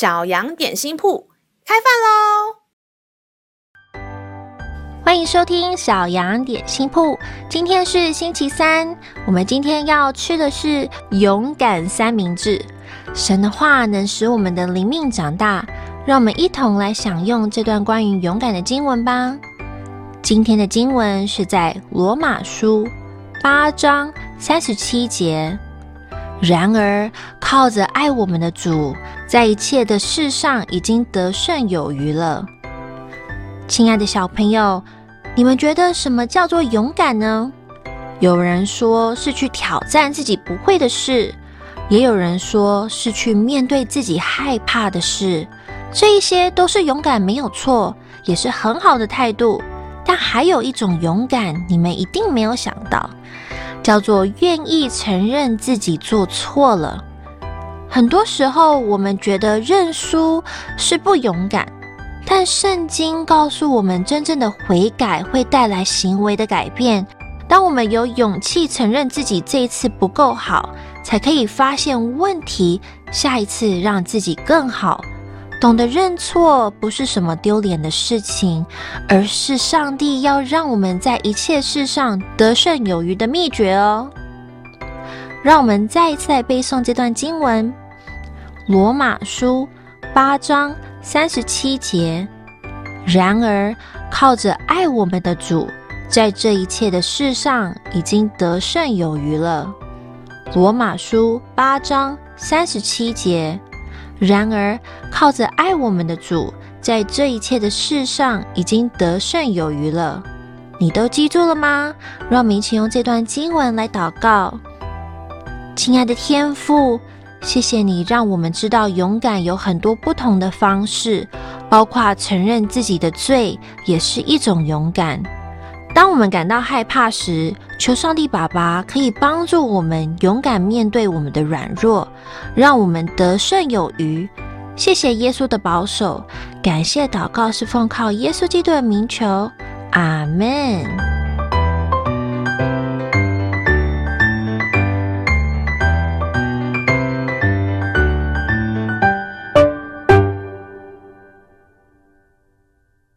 小羊點心鋪開飯嘍！歡迎收聽小羊點心鋪。今天是星期三，我們今天要吃的是勇敢三明治。神的話能使我們的靈命長大，讓我們一同來享用這段關於勇敢的經文吧。今天的經文是在羅馬書八章三十七節。然而，靠着愛我們的主，在一切的事上已經得勝有餘了。親愛的小朋友，你們覺得什麼叫做勇敢呢？有人說是去挑戰自己不會的事，也有人說是去面對自己害怕的事。這一些都是勇敢，沒有錯，也是很好的態度。但還有一種勇敢，你們一定沒有想到。叫做願意承認自己做錯了。很多時候，我們覺得認輸是不勇敢，但聖經告訴我們，真正的悔改會帶來行為的改變。當我們有勇氣承認自己這一次不夠好，才可以發現問題，下一次讓自己更好。懂得認錯不是什麼丟臉的事情，而是上帝要讓我們在一切事上得勝有餘的秘訣哦。讓我們再一次來背誦這段經文：羅馬書八章三十七節。然而靠着愛我們的主，在這一切的事上已經得勝有餘了。羅馬書八章三十七節。然而，靠着愛我們的主，在這一切的事上已經得勝有餘了。你都記住了嗎？讓我們一起用這段經文來禱告。親愛的天父，謝謝你讓我們知道勇敢有很多不同的方式，包括承認自己的罪也是一種勇敢。當我們感到害怕時，求上帝爸爸可以幫助我們勇敢面對我們的軟弱，讓我們得勝有餘。謝謝耶穌的保守，感謝禱告是奉靠耶穌基督的名求，阿門。